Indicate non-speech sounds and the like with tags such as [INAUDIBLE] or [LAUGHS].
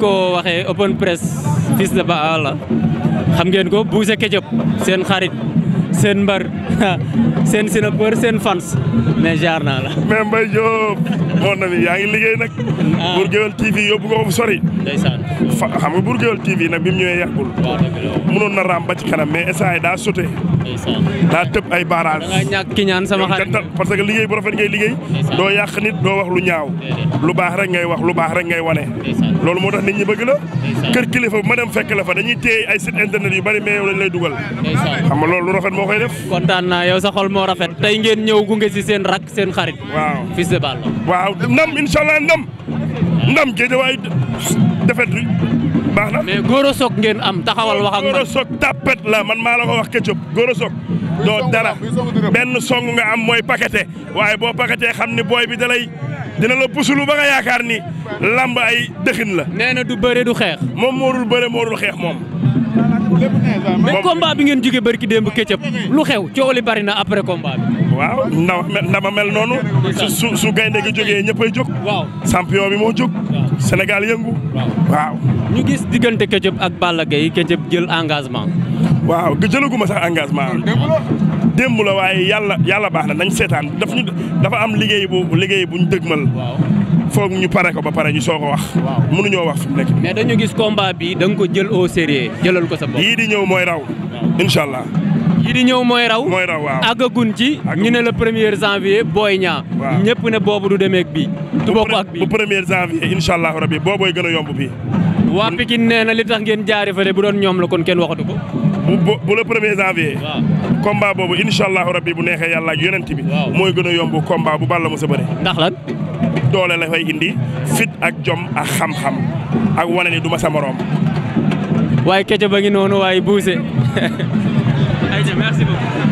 ko waxee open press fils de Baala xam ngeen ko Boucher Ketchup seen xarit seen mbar [LAUGHS] seen sinapeur seen fans mais jaar naa la. mais Mbaye Diop mon ami yaa ngi liggéey nag. ah Bour Gueweul TV yóbbu ko fu sori. ndeysaan xam nga Bour TV nag bi mu ñëwee yàggul. waaw mënoon na raam ba kanam mais instant yi daa sauté. daa tëb ay barrage da nga ñàkk ki ñaan sama xarit parce que liggéey bu rafet ngay liggéey. doo yàq nit doo wax lu ñaaw. lu baax rek ngay wax lu baax rek ngay wane. loolu moo tax nit ñi bëgg la. kër kilifa bu ma dem fekk la fa dañuy téye ay site internet bari mais yow lañ lay dugal. moo koy def. yow sa xol moo rafet tey ngeen ñëw gunge si seen rak seen xarit. waaw Fils de Balla. waaw ndam incha allah ndam. ndam géejawaay defet bi baax na. góor a soog ngeen am taxawal wax ak man góor la man maa la ko wax Ketchup góor a doo dara benn song nga am mooy pakete waaye boo paketee xam ni booy bi dalay dina la pusulu ba nga yaakaar ni lamb ay dëxin la. nee na du bëre du xeex. moom moo dul bëre moo dul xeex moom. mais combat bi ngeen jóge barki démb Ketchup lu xew coow li bari na après combat bi. waaw ndama ndama mel noonu. su su gaynde gi jógee ñëppay jóg. waaw champion bi moo jóg. Sénégal yëngu. waaw ñu gis diggante Ketchup ak Balla Gaye Ketchup jël engagement. waaw jëlaguma sax engagement démb la waaye yàlla yàlla baax na nañ seetaan daf ñu dafa am liggéey bu liggéey bu ñu dëgmal foog ñu pare ko ba pare ñu soo ko wax mënuñoo wax fi mu nekk mais dañu gis combat bi danga ko jël o sérieux jëlal ko sa bopp yii di ñëw mooy raw incha allah yii di ñëw mooy raw mooy raw waaw àggagun ci ñu ne le premier janvier booy ñaa ñëpp ne boobu du demeek bii du bokk ak bii bu premier janvier incha allah rabbi boobooy gën a yomb bi waa Pikine n na li tax ngeen jaari fa bu doon ñoom la kon kenn waxatu ko bu bu le premier janvier. combat boobu incha allahu rabbi bu neexee yàlla ak bi. mooy gën a yomb combat bu Balla mos a bëri. ndax lan. doole la fay indi fit ak jom ak xam-xam ak wane du ma sa morom. waaye Ketchup ba ngi noonu waaye buuse. [LAUGHS]